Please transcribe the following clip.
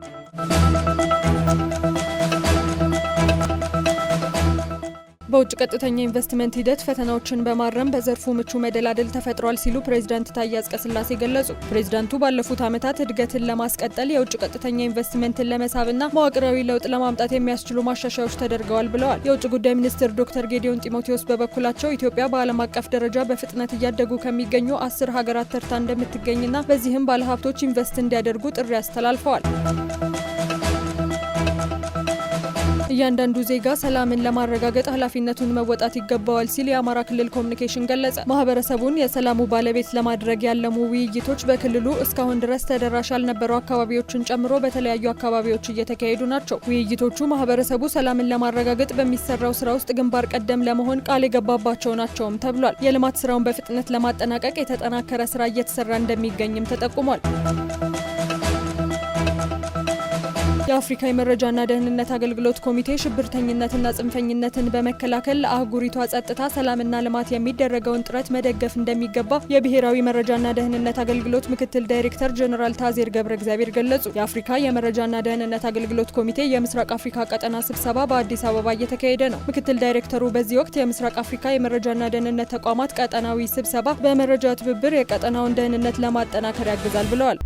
Thank you. በውጭ ቀጥተኛ ኢንቨስትመንት ሂደት ፈተናዎችን በማረም በዘርፉ ምቹ መደላደል ተፈጥሯል ሲሉ ፕሬዚዳንት ታዬ አጽቀሥላሴ ገለጹ። ፕሬዚዳንቱ ባለፉት ዓመታት እድገትን ለማስቀጠል የውጭ ቀጥተኛ ኢንቨስትመንትን ለመሳብና መዋቅራዊ ለውጥ ለማምጣት የሚያስችሉ ማሻሻያዎች ተደርገዋል ብለዋል። የውጭ ጉዳይ ሚኒስትር ዶክተር ጌዲዮን ጢሞቴዎስ በበኩላቸው ኢትዮጵያ በዓለም አቀፍ ደረጃ በፍጥነት እያደጉ ከሚገኙ አስር ሀገራት ተርታ እንደምትገኝና በዚህም ባለሀብቶች ኢንቨስት እንዲያደርጉ ጥሪ አስተላልፈዋል። እያንዳንዱ ዜጋ ሰላምን ለማረጋገጥ ኃላፊነቱን መወጣት ይገባዋል ሲል የአማራ ክልል ኮሚኒኬሽን ገለጸ። ማህበረሰቡን የሰላሙ ባለቤት ለማድረግ ያለሙ ውይይቶች በክልሉ እስካሁን ድረስ ተደራሽ ያልነበሩ አካባቢዎችን ጨምሮ በተለያዩ አካባቢዎች እየተካሄዱ ናቸው። ውይይቶቹ ማህበረሰቡ ሰላምን ለማረጋገጥ በሚሰራው ስራ ውስጥ ግንባር ቀደም ለመሆን ቃል የገባባቸው ናቸውም ተብሏል። የልማት ስራውን በፍጥነት ለማጠናቀቅ የተጠናከረ ስራ እየተሰራ እንደሚገኝም ተጠቁሟል። የአፍሪካ የመረጃና ደህንነት አገልግሎት ኮሚቴ ሽብርተኝነትና ጽንፈኝነትን በመከላከል ለአህጉሪቷ ጸጥታ፣ ሰላምና ልማት የሚደረገውን ጥረት መደገፍ እንደሚገባ የብሔራዊ መረጃና ደህንነት አገልግሎት ምክትል ዳይሬክተር ጀኔራል ታዜር ገብረ እግዚአብሔር ገለጹ። የአፍሪካ የመረጃና ደህንነት አገልግሎት ኮሚቴ የምስራቅ አፍሪካ ቀጠና ስብሰባ በአዲስ አበባ እየተካሄደ ነው። ምክትል ዳይሬክተሩ በዚህ ወቅት የምስራቅ አፍሪካ የመረጃና ደህንነት ተቋማት ቀጠናዊ ስብሰባ በመረጃ ትብብር የቀጠናውን ደህንነት ለማጠናከር ያግዛል ብለዋል።